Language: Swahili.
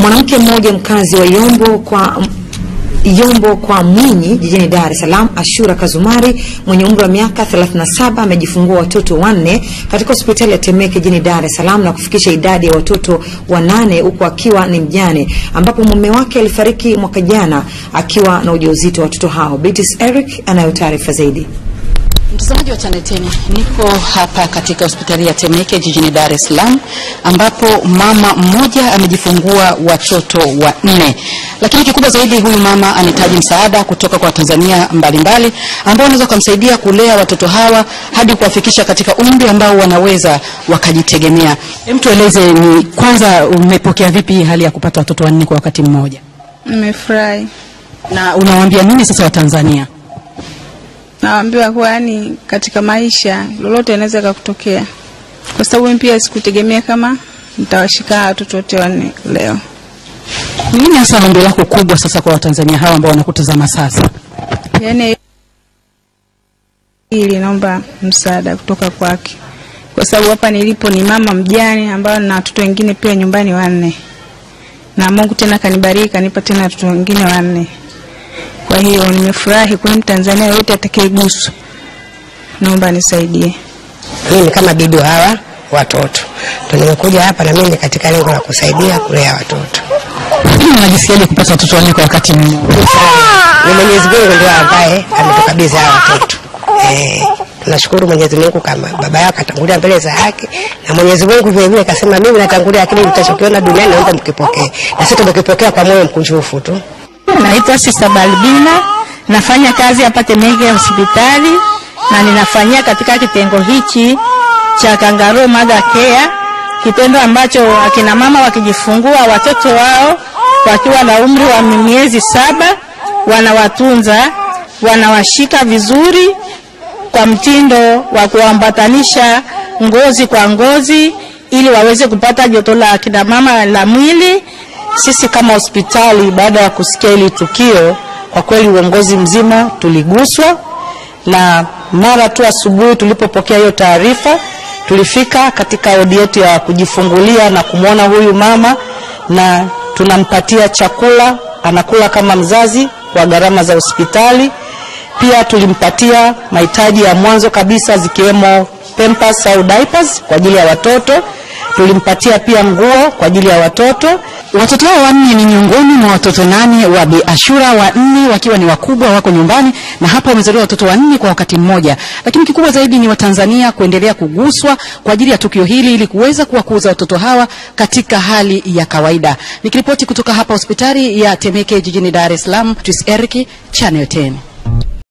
Mwanamke mmoja mkazi wa Yombo kwa Yombo kwa Mwinyi jijini Dar es Salaam, Ashura Kazumari mwenye umri wa miaka 37 amejifungua watoto wanne katika hospitali ya Temeke jijini Dar es Salaam na kufikisha idadi ya watoto wanane huku akiwa ni mjane, ambapo mume wake alifariki mwaka jana akiwa na ujauzito wa watoto hao. Beatrice Eric anayo taarifa zaidi. Mtazamaji wa Channel 10, niko hapa katika hospitali ya Temeke jijini Dar es Salaam, ambapo mama mmoja amejifungua watoto wanne, lakini kikubwa zaidi, huyu mama anahitaji msaada kutoka kwa Watanzania mbalimbali ambao wanaweza kumsaidia kulea watoto hawa hadi kuwafikisha katika umri ambao wanaweza wakajitegemea. Hem, tueleze ni kwanza, umepokea vipi hali ya kupata watoto wanne kwa wakati mmoja? Nimefurahi. Na unawaambia nini sasa Watanzania? nawaambiwa kuwa yani, katika maisha lolote anaweza kakutokea, kwa sababu mimi pia sikutegemea kama nitawashika watoto wote wanne leo. Nini hasa ombi lako kubwa sasa kwa Watanzania hawa ambao wanakutazama sasa? Yani ili naomba msaada kutoka kwake, kwa sababu hapa nilipo ni mama mjane ambayo na watoto wengine pia nyumbani wanne, na Mungu tena kanibariki kanipa tena watoto wengine wanne. Kwa hiyo nimefurahi, kwa Mtanzania yote atakayeguswa, naomba nisaidie. Mimi kama bibi hawa watoto nimekuja hapa na mimi katika lengo la kusaidia kulea watoto. Unajisikiaje kupata watoto wanne kwa wakati mmoja? Ah! Ni Mwenyezi Mungu ndio ambaye ametukabidhi hawa watoto eh. Tunashukuru Mwenyezi Mungu kama baba yako atangulia mbele za haki, na Mwenyezi Mungu vile vile kasema mimi natangulia, lakini mtachokiona duniani naomba mkipokee, na sisi tumekipokea kwa moyo mkunjufu tu. Naitwa Sista Balbina, nafanya kazi hapa Temeke hospitali na ninafanyia katika kitengo hichi cha Kangaroo Mother Care, kitendo ambacho akina mama wakijifungua watoto wao wakiwa na umri wa miezi saba wanawatunza, wanawashika vizuri kwa mtindo wa kuambatanisha ngozi kwa ngozi ili waweze kupata joto la akina mama la mwili sisi kama hospitali, baada ya kusikia hili tukio, kwa kweli uongozi mzima tuliguswa, na mara tu asubuhi tulipopokea hiyo taarifa, tulifika katika wodi yetu ya kujifungulia na kumwona huyu mama, na tunampatia chakula, anakula kama mzazi kwa gharama za hospitali. Pia tulimpatia mahitaji ya mwanzo kabisa zikiwemo pampers au diapers kwa ajili ya watoto. Tulimpatia pia nguo kwa ajili ya watoto. Watoto hao wanne ni miongoni mwa watoto nane wa Bi Ashura, wanne wakiwa ni wakubwa, wako nyumbani, na hapa wamezaliwa watoto wanne kwa wakati mmoja. Lakini kikubwa zaidi ni Watanzania kuendelea kuguswa kwa ajili ya tukio hili ili kuweza kuwakuza watoto hawa katika hali ya kawaida. Nikiripoti kutoka hapa hospitali ya Temeke jijini Dar es Salaam, Twis Eric, Channel 10.